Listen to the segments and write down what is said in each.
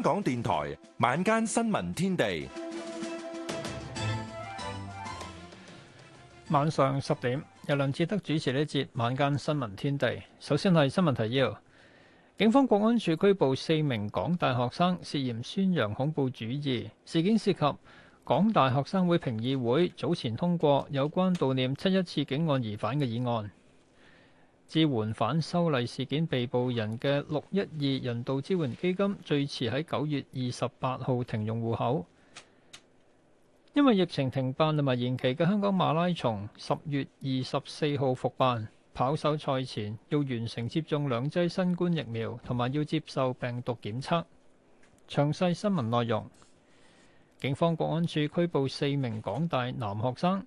香港電台晚間新聞天地，晚上十點由梁志德主持呢一節晚間新聞天地。首先係新聞提要：警方國安處拘捕四名港大學生，涉嫌宣揚恐怖主義。事件涉及港大學生會評議會早前通過有關悼念七一次警案疑犯嘅議案。支援反修例事件被捕人嘅六一二人道支援基金，最遲喺九月二十八號停用戶口，因為疫情停辦同埋延期嘅香港馬拉松，十月二十四號復辦，跑手賽前要完成接種兩劑新冠疫苗同埋要接受病毒檢測。詳細新聞內容，警方國安處拘捕四名港大男學生。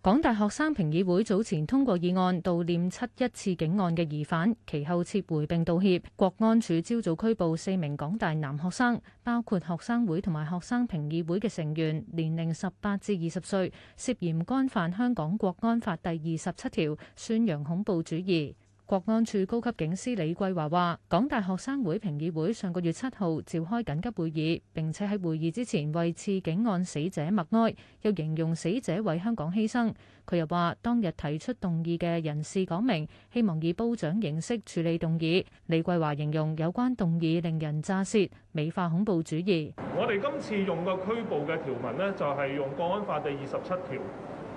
港大學生評議會早前通過議案，悼念七一刺警案嘅疑犯，其後撤回並道歉。國安處朝早拘捕四名港大男學生，包括學生會同埋學生評議會嘅成員，年齡十八至二十歲，涉嫌干犯香港國安法第二十七條，宣揚恐怖主義。國安處高級警司李桂華話，港大學生會評議會上個月七號召開緊急會議，並且喺會議之前為刺警案死者默哀，又形容死者為香港犧牲。佢又話當日提出動議嘅人士講明，希望以褒獎形式處理動議。李桂華形容有關動議令人咋舌，美化恐怖主義。我哋今次用嘅拘捕嘅條文呢，就係用國安法第二十七條，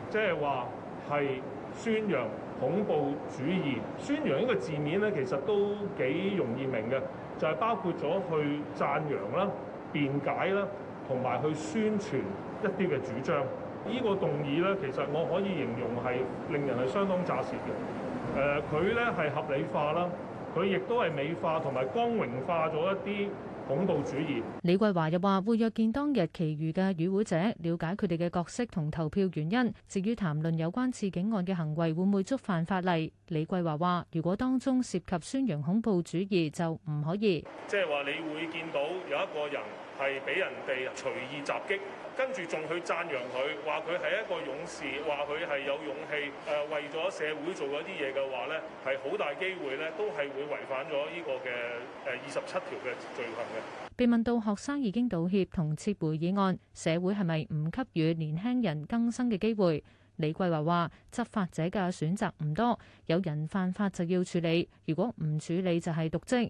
即係話係宣揚。恐怖主義宣揚呢個字面咧，其實都幾容易明嘅，就係、是、包括咗去讚揚啦、辯解啦，同埋去宣傳一啲嘅主張。呢、這個動議咧，其實我可以形容係令人係相當咋舌嘅。誒、呃，佢咧係合理化啦，佢亦都係美化同埋光榮化咗一啲恐怖主義。李桂華又話：會約見當日其餘嘅與會者，了解佢哋嘅角色同投票原因。至於談論有關刺警案嘅行為會唔會觸犯法例，李桂華話：如果當中涉及宣揚恐怖主義，就唔可以。即係話你會見到有一個人。係俾人哋隨意襲擊，跟住仲去讚揚佢，話佢係一個勇士，話佢係有勇氣誒，為咗社會做一啲嘢嘅話呢係好大機會呢都係會違反咗呢個嘅誒二十七條嘅罪行嘅。被問到學生已經道歉同撤回議案，社會係咪唔給予年輕人更生嘅機會？李桂華話：執法者嘅選擇唔多，有人犯法就要處理，如果唔處理就係瀆職。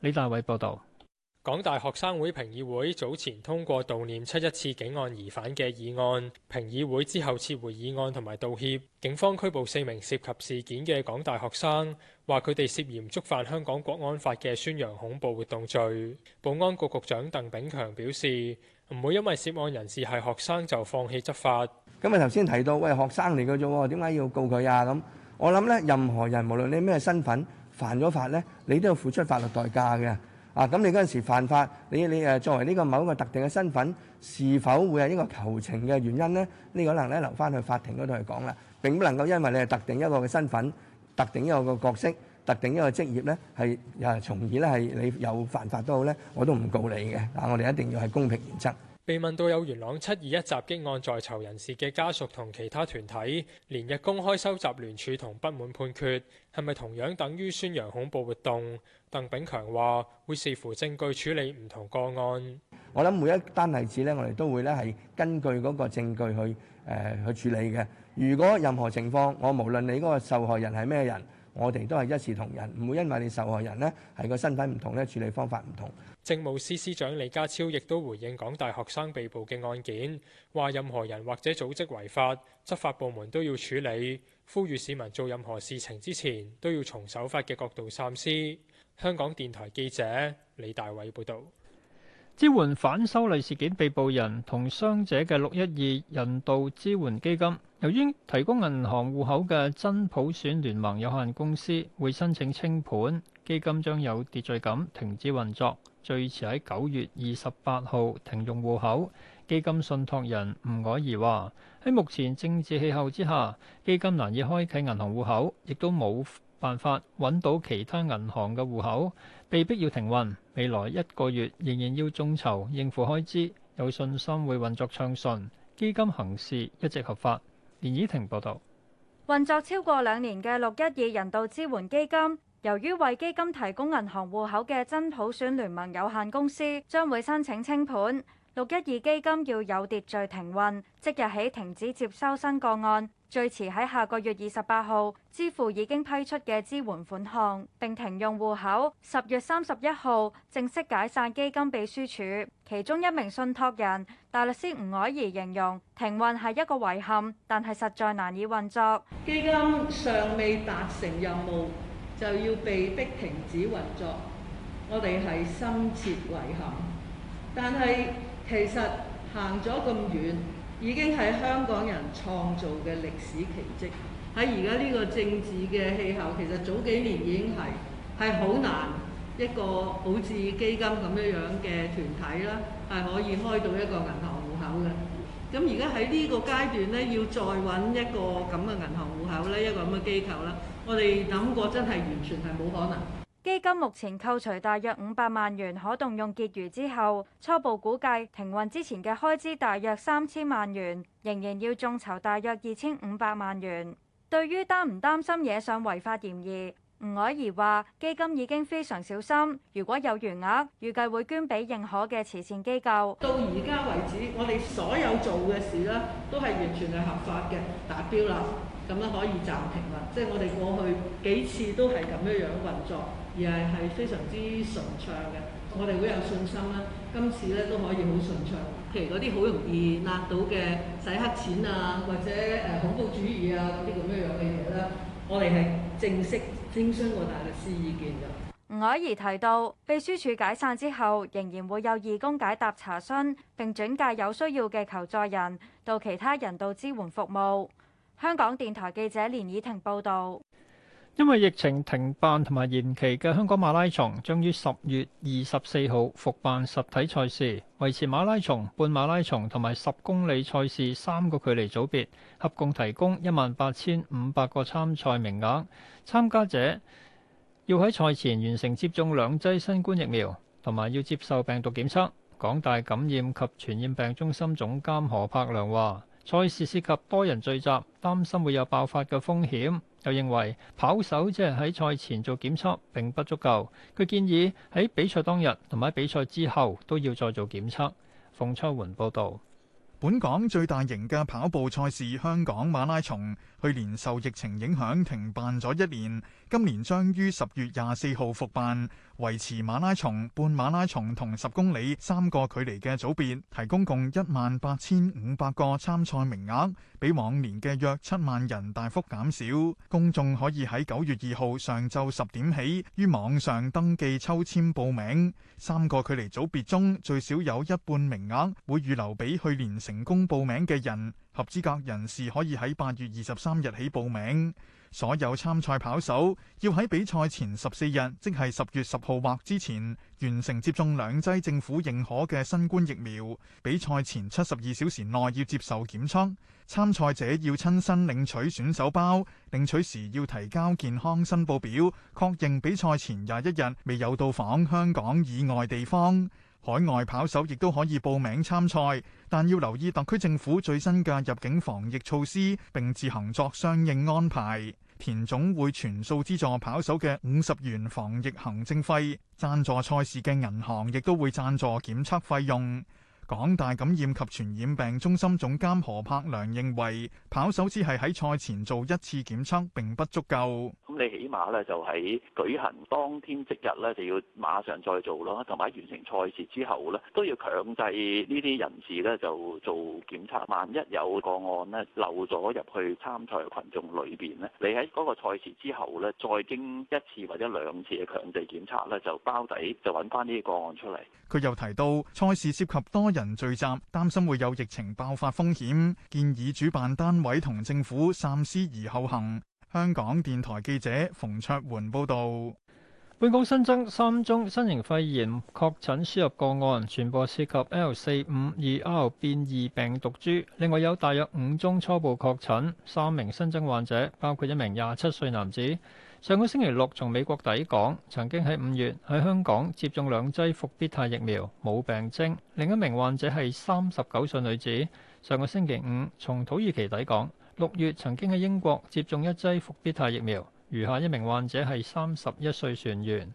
李大偉報道，港大學生會評議會早前通過悼念七一刺警案疑犯嘅議案，評議會之後撤回議案同埋道歉。警方拘捕四名涉及事件嘅港大學生，話佢哋涉嫌觸犯香港國安法嘅宣揚恐怖活動罪。保安局局長鄧炳強表示，唔會因為涉案人士係學生就放棄執法。咁啊，頭先提到喂學生嚟嘅啫，點解要告佢啊？咁我諗咧，任何人無論你咩身份。犯咗法咧，你都要付出法律代價嘅。啊，咁你嗰陣時犯法，你你誒作為呢個某一個特定嘅身份，是否會係一個求情嘅原因咧？呢個可能咧，留翻去法庭嗰度去講啦。並不能夠因為你係特定一個嘅身份、特定一個嘅角色、特定一個職業咧，係啊，從而咧係你有犯法都好咧，我都唔告你嘅。啊，我哋一定要係公平原則。被問到有元朗七二一襲擊案在囚人士嘅家屬同其他團體連日公開收集聯署同不滿判決，係咪同樣等於宣揚恐怖活動？鄧炳強話：會視乎證據處理唔同個案。我諗每一單例子咧，我哋都會咧係根據嗰個證據去誒、呃、去處理嘅。如果任何情況，我無論你嗰個受害人係咩人。我哋都係一視同仁，唔會因為你受害人呢，係個身份唔同咧，處理方法唔同。政務司司長李家超亦都回應港大學生被捕嘅案件，話任何人或者組織違法，執法部門都要處理，呼籲市民做任何事情之前都要從守法嘅角度三思。香港電台記者李大偉報道。支援反修例事件被捕人同傷者嘅六一二人道支援基金，由於提供銀行戶口嘅真普選聯盟有限公司會申請清盤，基金將有秩序咁停止運作，最遲喺九月二十八號停用戶口。基金信託人吳靄儀話，喺目前政治氣候之下，基金難以開啟銀行戶口，亦都冇。辦法揾到其他銀行嘅戶口，被逼要停運，未來一個月仍然要眾籌應付開支，有信心會運作暢順，基金行事一直合法。連倚婷報導。運作超過兩年嘅六一二人道支援基金，由於為基金提供銀行戶口嘅真普選聯盟有限公司將會申請清盤，六一二基金要有秩序停運，即日起停止接收新個案。最遲喺下個月二十八號支付已經批出嘅支援款項，並停用戶口。十月三十一號正式解散基金秘書處。其中一名信託人大律師吳靄儀形容停運係一個遺憾，但係實在難以運作。基金尚未達成任務，就要被逼停止運作，我哋係深切遺憾。但係其實行咗咁遠。已經係香港人創造嘅歷史奇蹟。喺而家呢個政治嘅氣候，其實早幾年已經係係好難一個好似基金咁樣樣嘅團體啦，係可以開到一個銀行戶口嘅。咁而家喺呢個階段呢，要再揾一個咁嘅銀行戶口咧，一個咁嘅機構啦，我哋諗過真係完全係冇可能。基金目前扣除大約五百萬元可動用結餘之後，初步估計停運之前嘅開支大約三千萬元，仍然要眾籌大約二千五百萬元。對於擔唔擔心惹上違法嫌疑，吳凱兒話：基金已經非常小心，如果有餘額，預計會捐俾認可嘅慈善機構。到而家為止，我哋所有做嘅事咧都係完全係合法嘅，達標啦，咁樣可以暫停啦。即係我哋過去幾次都係咁樣樣運作。而係係非常之順暢嘅，我哋會有信心啦。今次咧都可以好順暢，譬如嗰啲好容易拿到嘅洗黑錢啊，或者誒恐怖主義啊嗰啲咁樣樣嘅嘢咧，我哋係正式徵詢過大律師意見嘅。吳凱怡提到，秘書處解散之後，仍然會有義工解答查詢並轉介有需要嘅求助人到其他人道支援服務。香港電台記者連以婷報導。因為疫情停辦同埋延期嘅香港馬拉松將於十月二十四號復辦實體賽事，維持馬拉松、半馬拉松同埋十公里賽事三個距離組別，合共提供一萬八千五百個參賽名額。參加者要喺賽前完成接種兩劑新冠疫苗，同埋要接受病毒檢測。港大感染及傳染病中心總監何柏良話：賽事涉及多人聚集，擔心會有爆發嘅風險。又認為跑手只係喺賽前做檢測並不足夠，佢建議喺比賽當日同埋比賽之後都要再做檢測。馮秋媛報導，本港最大型嘅跑步賽事——香港馬拉松。去年受疫情影響停辦咗一年，今年將於十月廿四號復辦，維持馬拉松、半馬拉松同十公里三個距離嘅組別，提供共一萬八千五百個參賽名額，比往年嘅約七萬人大幅減少。公眾可以喺九月二號上晝十點起於網上登記抽簽報名，三個距離組別中最少有一半名額會預留俾去年成功報名嘅人。合資格人士可以喺八月二十三日起報名。所有參賽跑手要喺比賽前十四日，即係十月十號或之前，完成接種兩劑政府認可嘅新冠疫苗。比賽前七十二小時內要接受檢測。參賽者要親身領取選手包，領取時要提交健康申報表，確認比賽前廿一日未有到訪香港以外地方。海外跑手亦都可以報名參賽。但要留意特區政府最新嘅入境防疫措施，並自行作相應安排。田總會全數資助跑手嘅五十元防疫行政費，贊助賽事嘅銀行亦都會贊助檢測費用。港大感染及傳染病中心總監何柏良認為跑手只係喺賽前做一次檢測並不足夠，咁你起碼咧就喺舉行當天即日咧就要馬上再做咯，同埋完成賽事之後咧都要強制呢啲人士咧就做檢測，萬一有個案咧漏咗入去參賽群眾裏邊咧，你喺嗰個賽事之後咧再經一次或者兩次嘅強制檢測咧，就包底就揾翻呢個個案出嚟。佢又提到賽事涉及多人聚集，擔心會有疫情爆發風險，建議主辦單位同政府三思而後行。香港電台記者馮卓桓報道。本港新增三宗新型肺炎確診輸入個案，全部涉及 L 四五二 R 變異病毒株，另外有大約五宗初步確診，三名新增患者包括一名廿七歲男子。上個星期六從美國抵港，曾經喺五月喺香港接種兩劑復必泰疫苗，冇病徵。另一名患者係三十九歲女子，上個星期五從土耳其抵港，六月曾經喺英國接種一劑復必泰疫苗。餘下一名患者係三十一歲船員。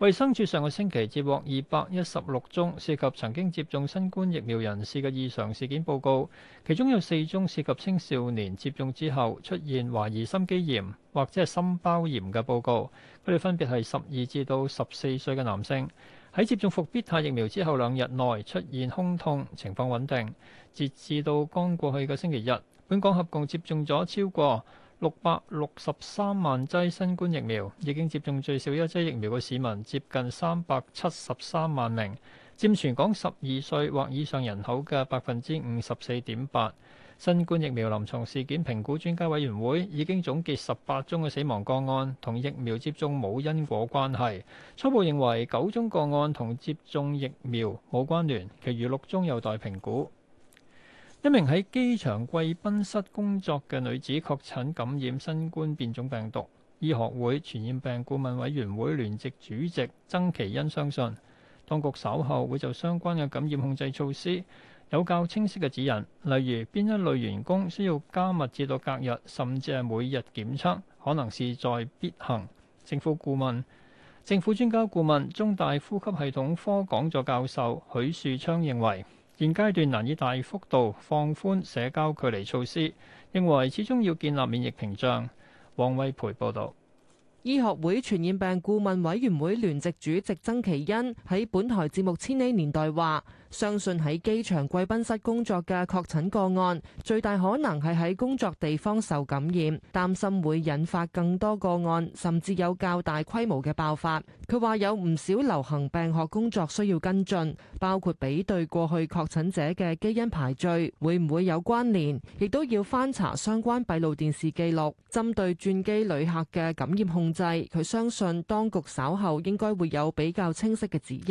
衛生署上個星期接獲二百一十六宗涉及曾經接種新冠疫苗人士嘅異常事件報告，其中有四宗涉及青少年接種之後出現懷疑心肌炎或者係心包炎嘅報告。佢哋分別係十二至到十四歲嘅男性，喺接種復必泰疫苗之後兩日內出現胸痛，情況穩定。截至到剛過去嘅星期日，本港合共接種咗超過六百六十三萬劑新冠疫苗，已經接種最少一劑疫苗嘅市民接近三百七十三萬名，佔全港十二歲或以上人口嘅百分之五十四點八。新冠疫苗臨床事件評估專家委員會已經總結十八宗嘅死亡個案同疫苗接種冇因果關係，初步認為九宗個案同接種疫苗冇關聯，其餘六宗有待評估。一名喺機場貴賓室工作嘅女子確診感染新冠變種病毒。醫學會傳染病顧問委員會聯席主席曾其恩相信，當局稍後會就相關嘅感染控制措施有較清晰嘅指引，例如邊一類員工需要加密至到隔日，甚至係每日檢測，可能事在必行。政府顧問、政府專家顧問、中大呼吸系統科講座教授許樹昌認為。現階段難以大幅度放寬社交距離措施，認為始終要建立免疫屏障。王偉培報導。醫學會傳染病顧問委員會聯席主席曾祈殷喺本台節目《千禧年代》話，相信喺機場貴賓室工作嘅確診個案，最大可能係喺工作地方受感染，擔心會引發更多個案，甚至有較大規模嘅爆發，佢話有唔少流行病學工作需要跟進，包括比對過去確診者嘅基因排序會唔會有關聯，亦都要翻查相關閉路電視記錄，針對轉機旅客嘅感染控制，佢相信當局稍後應該會有比較清晰嘅指引。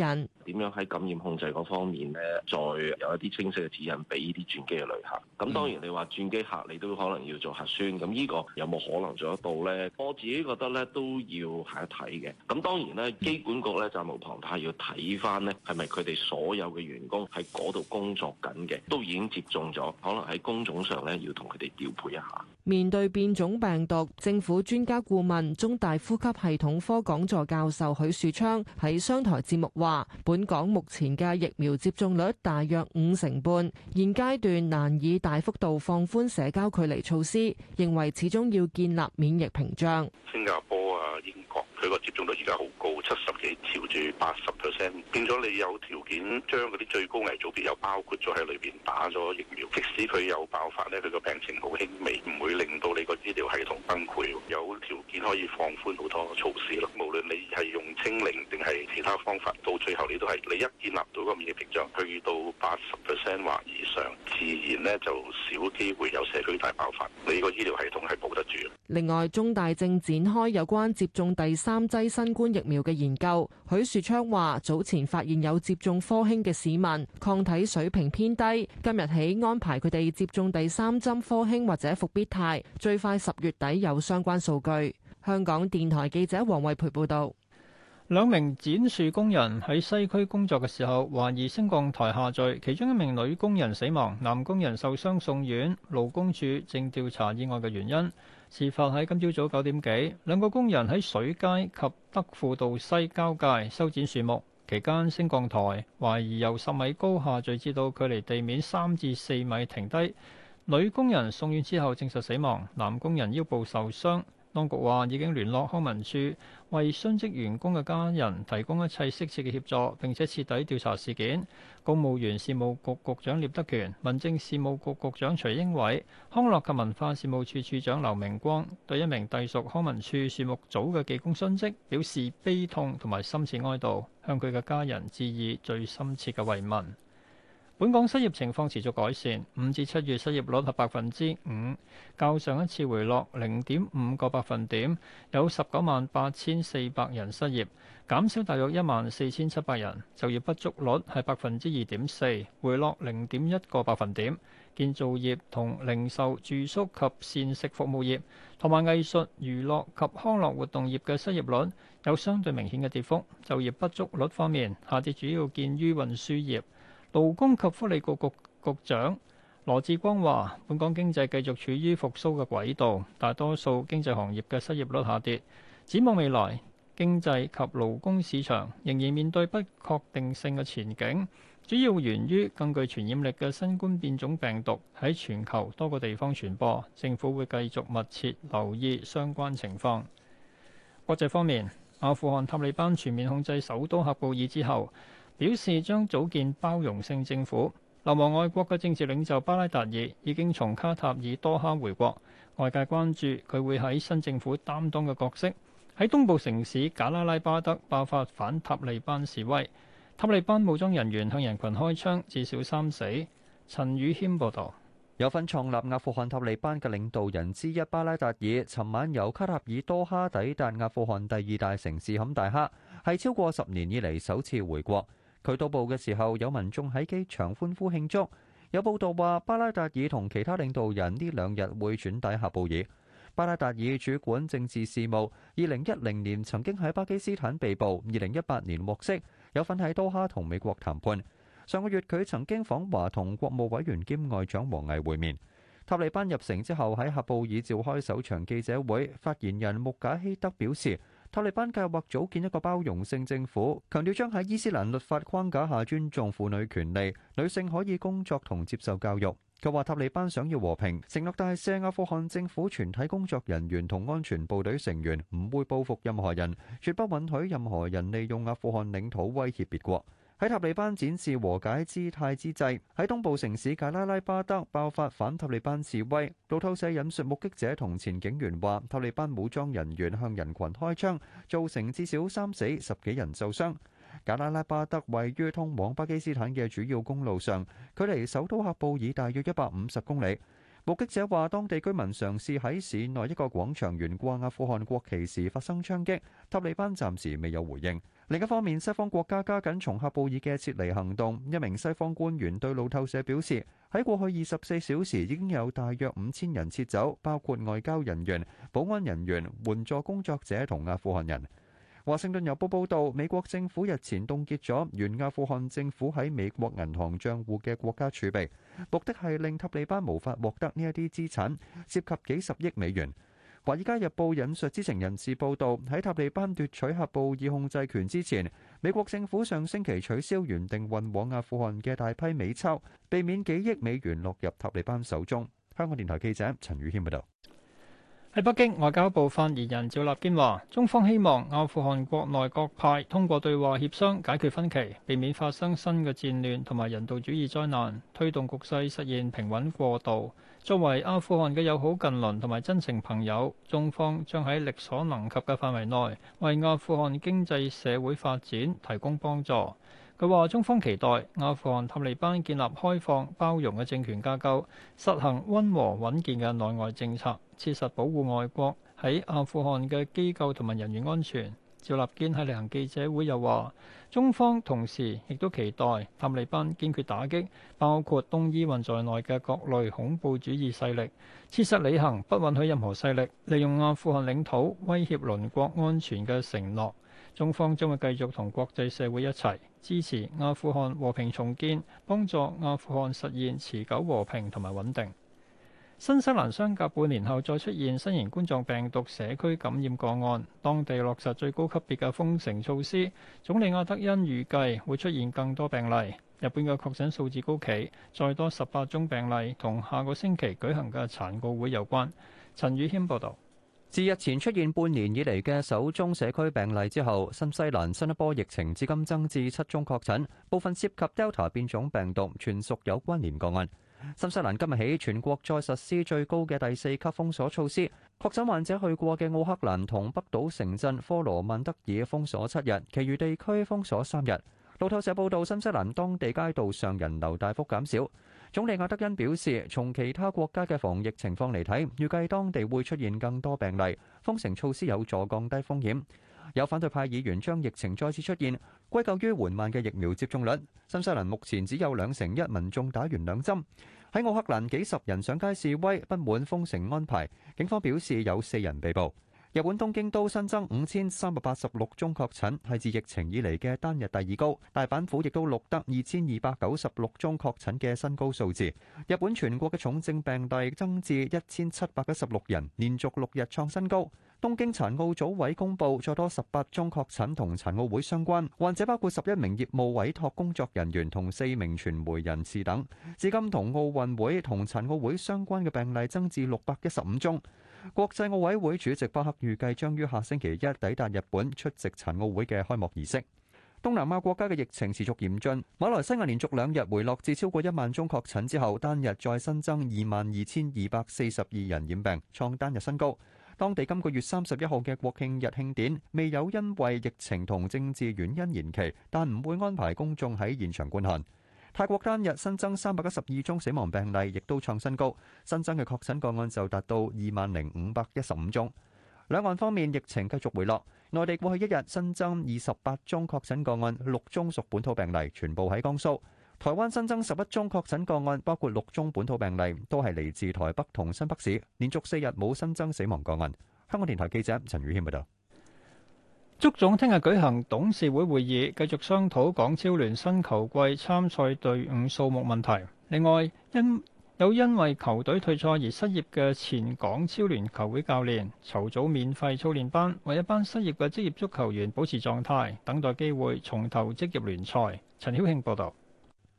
點樣喺感染控制嗰方面？咧再有一啲清晰嘅指引俾啲轉機嘅旅客，咁當然你話轉機客，你都可能要做核酸，咁呢個有冇可能做得到咧？我自己覺得咧都要睇一睇嘅。咁當然咧，機管局咧責無旁貸，要睇翻咧，係咪佢哋所有嘅員工喺嗰度工作緊嘅，都已經接種咗，可能喺工種上咧要同佢哋調配一下。面對變種病毒，政府專家顧問、中大呼吸系統科講座教授許樹昌喺商台節目話：本港目前嘅疫苗接中率大約五成半，現階段難以大幅度放寬社交距離措施，認為始終要建立免疫屏障。新加坡，英國。佢個接種率而家好高，七十幾朝住八十 percent，變咗你有條件將嗰啲最高危組別又包括咗喺裏邊打咗疫苗，即使佢有爆發呢，佢個病情好輕微，唔會令到你個醫療系統崩潰，有條件可以放寬好多措施咯。無論你係用清零定係其他方法，到最後你都係你一建立到個免疫屏障，去到八十 percent 或以上，自然呢就少機會有社區大爆發，你個醫療系統係保得住。另外，中大正展開有關接種第三劑新冠疫苗嘅研究，許樹昌話：早前發現有接種科興嘅市民抗體水平偏低，今日起安排佢哋接種第三針科興或者復必泰，最快十月底有相關數據。香港電台記者黃慧培報道，兩名剪樹工人喺西區工作嘅時候懷疑升降台下墜，其中一名女工人死亡，男工人受傷送院，勞工處正調查意外嘅原因。事發喺今朝早九點幾，兩個工人喺水街及德輔道西交界修剪樹木。期間升降台，懷疑由十米高下墜至到距離地面三至四米停低。女工人送院之後證實死亡，男工人腰部受傷。當局話已經聯絡康文署，為殉職員工嘅家人提供一切適切嘅協助，並且徹底調查事件。公務員事務局局長聶德權、民政事務局局長徐英偉、康樂及文化事務署署長劉明光對一名隸屬康文署樹木組嘅技工殉職表示悲痛同埋深切哀悼，向佢嘅家人致以最深切嘅慰問。本港失業情況持續改善，五至七月失業率係百分之五，較上一次回落零點五個百分點，有十九萬八千四百人失業，減少大約一萬四千七百人。就業不足率係百分之二點四，回落零點一個百分點。建造業同零售、住宿及膳食服務業同埋藝術、娛樂及康樂活動業嘅失業率有相對明顯嘅跌幅。就業不足率方面，下跌主要見於運輸業。勞工及福利局局局長羅志光話：本港經濟繼續處於復甦嘅軌道，大多數經濟行業嘅失業率下跌。展望未來，經濟及勞工市場仍然面對不確定性嘅前景，主要源於更具傳染力嘅新冠變種病毒喺全球多個地方傳播。政府會繼續密切留意相關情況。國際方面，阿富汗塔利班全面控制首都喀布爾之後，表示將組建包容性政府。流亡外國嘅政治領袖巴拉達爾已經從卡塔爾多哈回國。外界關注佢會喺新政府擔當嘅角色。喺東部城市賈拉拉巴德爆發反塔利班示威，塔利班武裝人員向人群開槍，至少三死。陳宇謙報道。有份創立阿富汗塔利班嘅領導人之一巴拉達爾尋晚由卡塔爾多哈抵達阿富汗第二大城市坎大哈，係超過十年以嚟首次回國。佢到埗嘅時候，有民眾喺機場歡呼慶祝。有報道話，巴拉達爾同其他領導人呢兩日會轉抵喀布爾。巴拉達爾主管政治事務，二零一零年曾經喺巴基斯坦被捕，二零一八年獲釋。有份喺多哈同美國談判。上個月佢曾經訪華，同國務委員兼外長王毅會面。塔利班入城之後，喺喀布爾召開首場記者會，發言人穆賈希德表示，塔利班計劃組建一個包容性政府，強調將喺伊斯蘭律法框架下尊重婦女權利，女性可以工作同接受教育。佢話塔利班想要和平，承諾大赦阿富汗政府全體工作人員同安全部隊成員唔會報復任何人，絕不允許任何人利用阿富汗領土威脅別國。喺塔利班展示和解姿態之際，喺東部城市賈拉拉巴德爆發反塔利班示威。路透社引述目擊者同前警員話塔利班武裝人員向人群開槍，造成至少三死、十幾人受傷，賈拉拉巴德位於通往巴基斯坦嘅主要公路上，距離首都喀布爾大約一百五十公里。目擊者話當地居民嘗試喺市內一個廣場懸掛阿富汗國旗時發生槍擊，塔利班暫時未有回應。另一方面，西方國家加緊從喀布爾嘅撤離行動。一名西方官員對路透社表示：喺過去二十四小時已經有大約五千人撤走，包括外交人員、保安人員、援助工作者同阿富汗人。華盛頓郵報報道，美國政府日前凍結咗原阿富汗政府喺美國銀行帳戶嘅國家儲備，目的係令塔利班無法獲得呢一啲資產，涉及幾十億美元。《華爾街日報》引述知情人士報道，喺塔利班奪取喀布爾控制權之前，美國政府上星期取消原定運往阿富汗嘅大批美鈔，避免幾億美元落入塔利班手中。香港電台記者陳宇謙報道。喺北京，外交部發言人趙立堅話：中方希望阿富汗國內各派通過對話協商解決分歧，避免發生新嘅戰亂同埋人道主義災難，推動局勢實現平穩過渡。作為阿富汗嘅友好近鄰同埋真誠朋友，中方將喺力所能及嘅範圍內，為阿富汗經濟社會發展提供幫助。佢話：中方期待阿富汗塔利班建立開放包容嘅政權架構，實行溫和穩健嘅內外政策，切實保護外國喺阿富汗嘅機構同埋人員安全。趙立堅喺例行記者會又話：中方同時亦都期待塔利班堅決打擊包括東伊運在內嘅各類恐怖主義勢力，切實履行不允許任何勢力利用阿富汗領土威脅鄰國安全嘅承諾。中方將會繼續同國際社會一齊支持阿富汗和平重建，幫助阿富汗實現持久和平同埋穩定。新西蘭相隔半年後再出現新型冠狀病毒社區感染個案，當地落實最高級別嘅封城措施。總理阿德恩預計會出現更多病例。日本嘅確診數字高企，再多十八宗病例同下個星期舉行嘅殘奧會有關。陳宇軒報導。自日前出現半年以嚟嘅首宗社區病例之後，新西蘭新一波疫情至今增至七宗確診，部分涉及 Delta 變種病毒，全屬有關聯個案。新西蘭今日起全國再實施最高嘅第四級封鎖措施，確診患者去過嘅奧克蘭同北島城鎮科羅曼德爾封鎖七日，其餘地區封鎖三日。路透社報道，新西蘭當地街道上人流大幅減少。總理阿德恩表示，從其他國家嘅防疫情況嚟睇，預計當地會出現更多病例，封城措施有助降低風險。有反對派議員將疫情再次出現歸咎於緩慢嘅疫苗接種率。新西蘭目前只有兩成一民眾打完兩針。喺奧克蘭，幾十人上街示威，不滿封城安排。警方表示有四人被捕。日本東京都新增五千三百八十六宗確診，係自疫情以嚟嘅單日第二高。大阪府亦都錄得二千二百九十六宗確診嘅新高數字。日本全國嘅重症病例增至一千七百一十六人，連續六日創新高。東京殘奧組委公布再多十八宗確診同殘奧會相關，患者包括十一名業務委託工作人員同四名傳媒人士等。至今同奧運會同殘奧會相關嘅病例增至六百一十五宗。國際奧委會主席巴克預計將於下星期一抵達日本出席殘奧會嘅開幕儀式。東南亞國家嘅疫情持續嚴峻，馬來西亞連續兩日回落至超過一萬宗確診之後，單日再新增二萬二千二百四十二人染病，創單日新高。當地今個月三十一號嘅國慶日慶典未有因為疫情同政治原因延期，但唔會安排公眾喺現場觀看。泰國單日新增三百一十二宗死亡病例，亦都創新高，新增嘅確診個案就達到二萬零五百一十五宗。兩岸方面疫情繼續回落，內地過去一日新增二十八宗確診個案，六宗屬本土病例，全部喺江蘇。台灣新增十一宗確診個案，包括六宗本土病例，都係嚟自台北同新北市，連續四日冇新增死亡個案。香港電台記者陳宇謙報道。足總聽日舉行董事會會議，繼續商討港超聯新球季參賽隊伍數目問題。另外，因有因為球隊退賽而失業嘅前港超聯球會教練，籌組免費操練班，為一班失業嘅職業足球員保持狀態，等待機會重投職業聯賽。陳曉慶報道。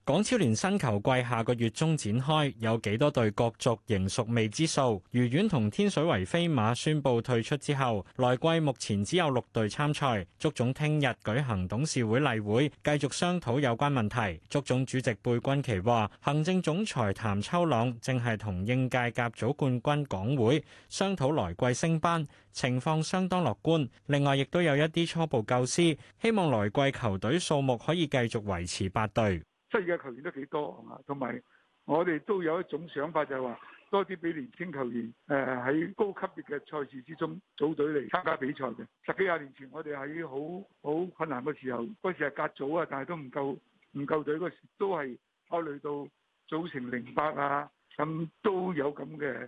港超聯新球季下個月中展開，有幾多隊角逐仍屬未知數。愉園同天水圍飛馬宣布退出之後，來季目前只有六隊參賽。足總聽日舉行董事會例會，繼續商討有關問題。足總主席貝君奇話，行政總裁譚秋朗正係同應屆甲組冠軍港會商討來季升班，情況相當樂觀。另外，亦都有一啲初步構思，希望來季球隊數目可以繼續維持八隊。失意嘅球員都幾多啊，同埋我哋都有一種想法就係話，多啲俾年輕球員誒喺、呃、高級別嘅賽事之中組隊嚟參加比賽嘅。十幾廿年前我哋喺好好困難嘅時候，嗰時係隔組啊，但係都唔夠唔夠隊，嗰時都係考慮到組成零八啊，咁、嗯、都有咁嘅。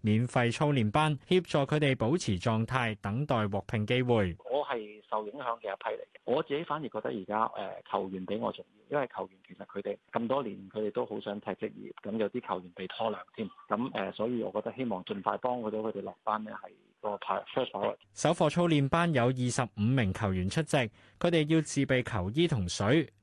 免費操練班協助佢哋保持狀態，等待獲聘機會。我係受影響嘅一批嚟嘅，我自己反而覺得而家誒球員比我重要，因為球員其實佢哋咁多年，佢哋都好想踢職業，咁有啲球員被拖糧添，咁誒、呃，所以我覺得希望盡快幫到佢哋落班呢係個 first priority。首課操練班有二十五名球員出席，佢哋要自備球衣同水。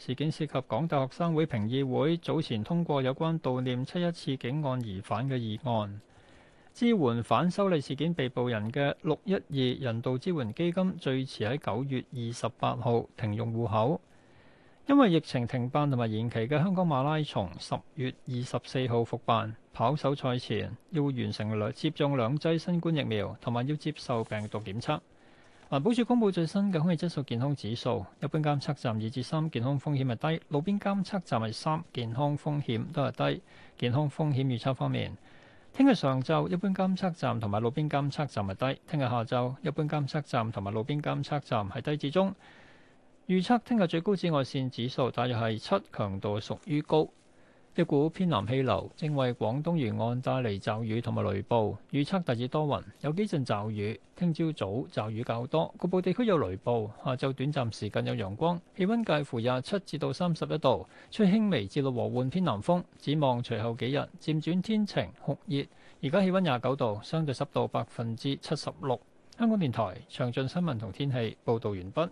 事件涉及港大學生會評議會早前通過有關悼念七一刺警案疑犯嘅議案，支援反修例事件被捕人嘅六一二人道支援基金，最遲喺九月二十八號停用戶口。因為疫情停辦同埋延期嘅香港馬拉松，十月二十四號復辦，跑手賽前要完成兩接種兩劑新冠疫苗，同埋要接受病毒檢測。環保署公布最新嘅空氣質素健康指數，一般監測站二至三健康風險係低，路邊監測站係三健康風險都係低。健康風險預測方面，聽日上晝一般監測站同埋路邊監測站係低，聽日下晝一般監測站同埋路邊監測站係低至中。預測聽日最高紫外線指數大約係七，強度屬於高。一股偏南氣流正為廣東沿岸帶嚟驟雨同埋雷暴，預測大致多雲，有幾陣驟雨。聽朝早驟雨較多，局部地區有雷暴。下晝短暫時間有陽光，氣温介乎廿七至到三十一度，吹輕微至到和緩偏南風。展望隨後幾日漸轉天晴酷熱。而家氣温廿九度，相對濕度百分之七十六。香港電台詳盡新聞同天氣報導完畢。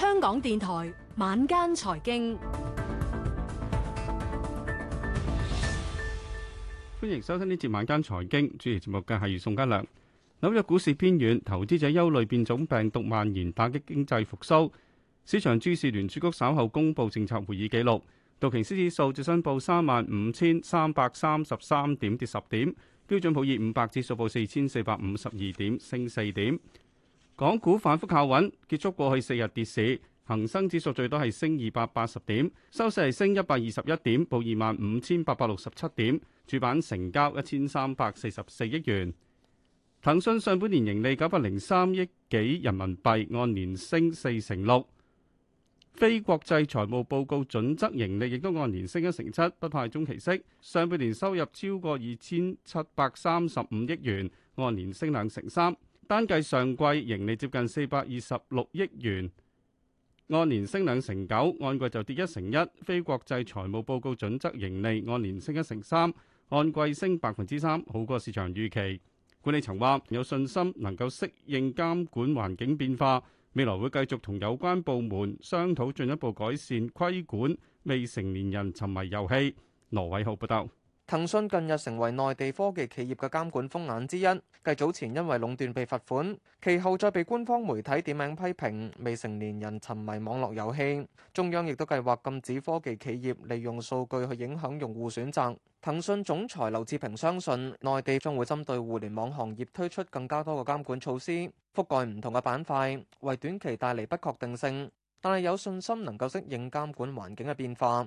香港電台晚間財經，歡迎收聽呢節晚間財經，主持節目嘅係宋家良。紐約股市偏軟，投資者憂慮變種病毒蔓延，打擊經濟復蘇。市場注視聯儲局稍後公布政策會議記錄。道瓊斯指數就升報三萬五千三百三十三點，跌十點。標準普爾五百指數報四千四百五十二點，升四點。港股反覆靠穩，結束過去四日跌市。恒生指數最多係升二百八十點，收市係升一百二十一點，報二萬五千八百六十七點。主板成交一千三百四十四億元。騰訊上半年盈利九百零三億幾人民幣，按年升四成六。非國際財務報告準則盈利亦都按年升一成七，不派中期息。上半年收入超過二千七百三十五億元，按年升兩成三。單計上季盈利接近四百二十六億元，按年升兩成九，按季就跌一成一。非國際財務報告準則盈利按年升一成三，按季升百分之三，好過市場預期。管理層話有信心能夠適應監管環境變化，未來會繼續同有關部門商討進一步改善規管未成年人沉迷遊戲。羅偉浩報道。騰訊近日成為內地科技企業嘅監管風眼之一，繼早前因為壟斷被罰款，其後再被官方媒體點名批評未成年人沉迷網絡遊戲。中央亦都計劃禁止科技企業利用數據去影響用戶選擇。騰訊總裁劉志平相信，內地將會針對互聯網行業推出更加多嘅監管措施，覆蓋唔同嘅板塊，為短期帶嚟不確定性。但係有信心能夠適應監管環境嘅變化。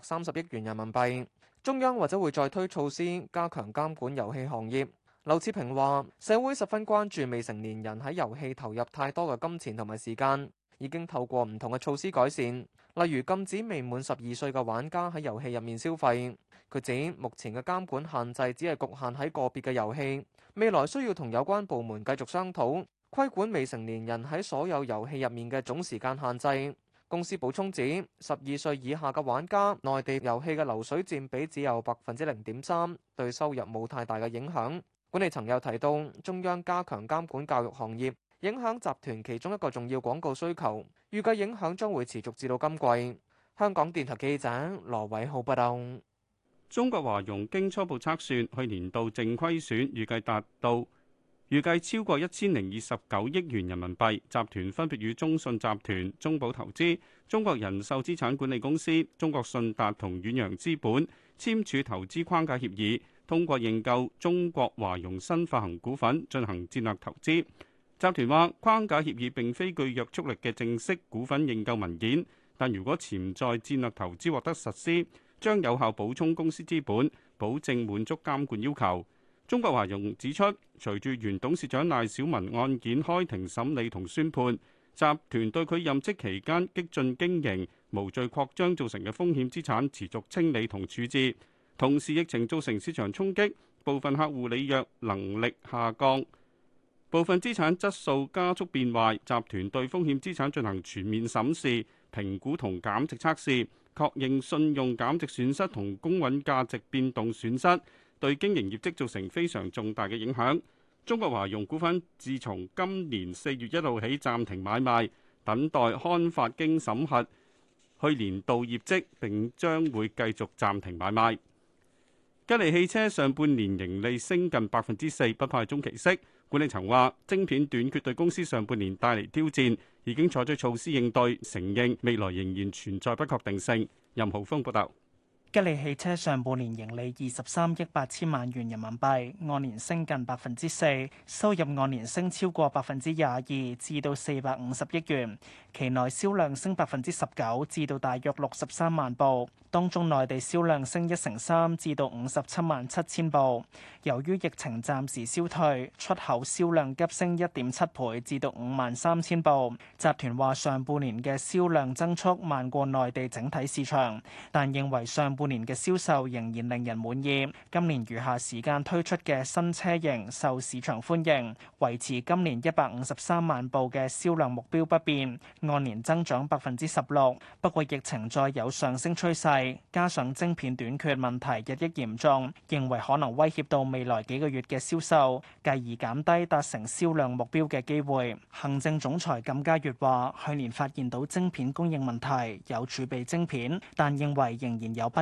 三十億元人民幣，中央或者會再推措施加強監管遊戲行業。劉志平話：社會十分關注未成年人喺遊戲投入太多嘅金錢同埋時間，已經透過唔同嘅措施改善，例如禁止未滿十二歲嘅玩家喺遊戲入面消費。佢指目前嘅監管限制只係局限喺個別嘅遊戲，未來需要同有關部門繼續商討，規管未成年人喺所有遊戲入面嘅總時間限制。公司補充指，十二歲以下嘅玩家，內地遊戲嘅流水佔比只有百分之零點三，對收入冇太大嘅影響。管理層又提到，中央加強監管教育行業，影響集團其中一個重要廣告需求，預計影響將會持續至到今季。香港電台記者羅偉浩報道。中國華融經初步測算，去年度淨虧損預計達到。預計超過一千零二十九億元人民幣，集團分別與中信集團、中保投資、中國人壽資產管理公司、中國信達同遠洋資本簽署投資框架協議，通過認購中國華融新發行股份進行戰略投資。集團話，框架協議並非具約束力嘅正式股份認購文件，但如果潛在戰略投資獲得實施，將有效補充公司資本，保證滿足監管要求。中國華融指出，隨住原董事長賴小民案件開庭審理同宣判，集團對佢任職期間激進經營、無序擴張造成嘅風險資產持續清理同處置。同時，疫情造成市場衝擊，部分客戶履約能力下降，部分資產質素加速變壞，集團對風險資產進行全面審視、評估同減值測試，確認信用減值損失同公允價值變動損失。對經營業績造成非常重大嘅影響。中國華融股份自從今年四月一號起暫停買賣，等待刊發經審核去年度業績，並將會繼續暫停買賣。吉利汽車上半年盈利升近百分之四，不派中期息。管理層話，晶片短缺對公司上半年帶嚟挑戰，已經採取措施應對，承認未來仍然存在不確定性。任浩峰報道。吉利汽車上半年盈利二十三億八千萬元人民幣，按年升近百分之四，收入按年升超過百分之廿二，至到四百五十億元。期內銷量升百分之十九，至到大約六十三萬部，當中內地銷量升一成三，至到五十七萬七千部。由於疫情暫時消退，出口銷量急升一點七倍，至到五萬三千部。集團話上半年嘅銷量增速慢過內地整體市場，但認為上。半年嘅銷售仍然令人滿意，今年餘下時間推出嘅新車型受市場歡迎，維持今年一百五十三萬部嘅銷量目標不變，按年增長百分之十六。不過疫情再有上升趨勢，加上晶片短缺問題日益嚴重，認為可能威脅到未來幾個月嘅銷售，繼而減低達成銷量目標嘅機會。行政總裁甘家月話：去年發現到晶片供應問題，有儲備晶片，但認為仍然有不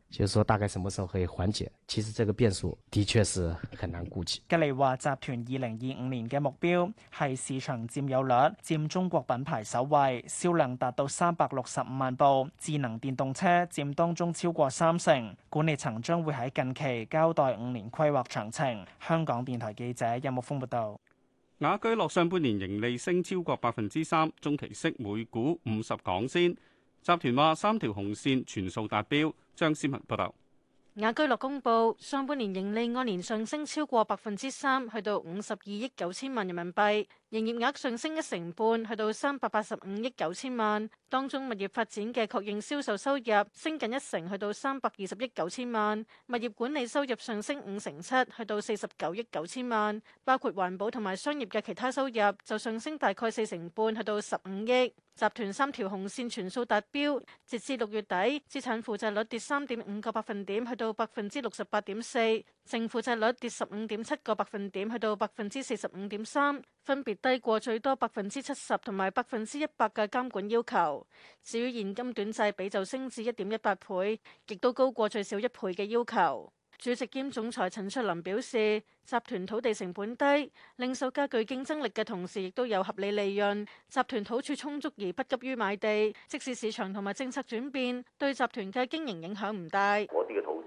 就是說大概什麼時候可以緩解？其實這個變數的確是很難估計。吉利話集團二零二五年嘅目標係市場占有率占中國品牌首位，銷量達到三百六十五萬部，智能電動車占當中超過三成。管理層將會喺近期交代五年規劃詳情。香港電台記者任木峰報道。雅居樂上半年盈利升超過百分之三，中期息每股五十港仙。集團話三條紅線全數達標。張先敏報道。雅居樂公布上半年盈利按年上升超過百分之三，去到五十二億九千萬人民幣；營業額上升一成半，去到三百八十五億九千萬。當中物業發展嘅確認銷售收入升近一成，去到三百二十億九千萬；物業管理收入上升五成七，去到四十九億九千萬。包括環保同埋商業嘅其他收入就上升大概四成半，去到十五億。集團三條紅線全數達標，截至六月底，資產負債率跌三點五個百分點去。到百分之六十八點四，淨負債率跌十五點七個百分點，去到百分之四十五點三，分別低過最多百分之七十同埋百分之一百嘅監管要求。至於現金短債比就升至一點一八倍，亦都高過最少一倍嘅要求。主席兼總裁陳卓林表示，集團土地成本低，令售價具競爭力嘅同時，亦都有合理利潤。集團土儲充足而不急於買地，即使市場同埋政策轉變，對集團嘅經營影響唔大。我啲嘅土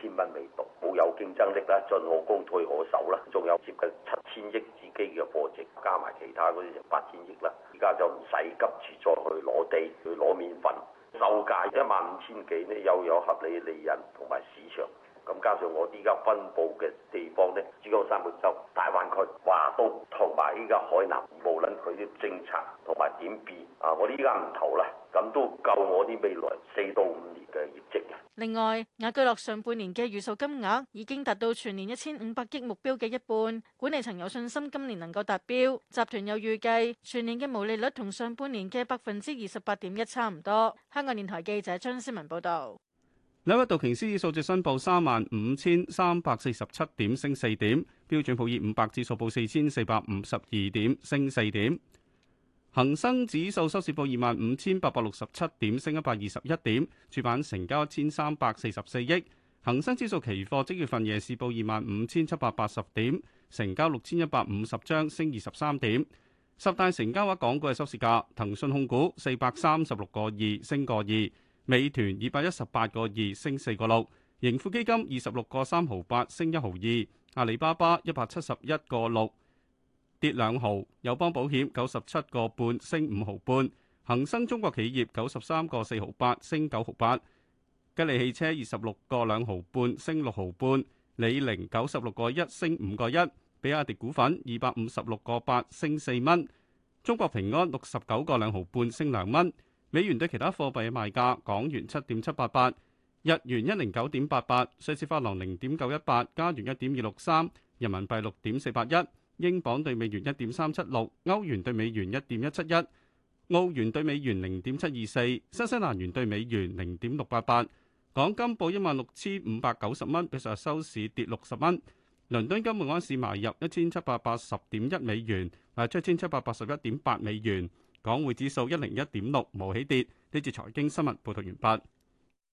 千蚊未到冇有競爭力啦，進可攻退可守啦，仲有接近七千億自己嘅貨值，加埋其他嗰啲就八千億啦。而家就唔使急住再去攞地去攞麵粉。售價一萬五千幾呢，又有合理利潤同埋市場。咁加上我依家分佈嘅地方呢，珠江三角洲、大灣區、華東同埋依家海南，無論佢啲政策同埋點變，啊，我哋依家唔投啦，咁都夠我啲未來四到五年嘅業績。另外，雅居樂上半年嘅預售金額已經達到全年一千五百億目標嘅一半，管理層有信心今年能夠達標。集團又預計全年嘅毛利率同上半年嘅百分之二十八點一差唔多。香港電台記者張思文報道。紐約道瓊斯指數升報三萬五千三百四十七點，升四點。標準普爾五百指數報四千四百五十二點，升四點。恒生指數收市報二萬五千八百六十七點，升一百二十一點。主板成交一千三百四十四億。恒生指數期貨即月份夜市報二萬五千七百八十點，成交六千一百五十張，升二十三點。十大成交額港股嘅收市價：騰訊控股四百三十六個二，升個二；美團二百一十八個二，升四個六；盈富基金二十六個三毫八，升一毫二；阿里巴巴一百七十一個六，跌兩毫，友邦保險九十七個半，升五毫半，恒生中國企業九十三個四毫八，升九毫八，吉利汽車二十六個兩毫半，升六毫半，李寧九十六個一，升五個一，比亞迪股份二百五十六個八，升四蚊，中國平安六十九個兩毫半，升兩蚊。美元對其他貨幣嘅賣價：港元七點七八八，日元一零九點八八，瑞士法郎零點九一八，加元一點二六三，人民幣六點四八一。英鎊兌美元一點三七六，歐元兌美元一點一七一，澳元兌美元零點七二四，新西蘭元兌美元零點六八八。港金報一萬六千五百九十蚊，比上日收市跌六十蚊。倫敦金每盎司買入一千七百八十點一美元，賣出一千七百八十一點八美元。港匯指數一零一點六，冇起跌。呢節財經新聞報道完畢。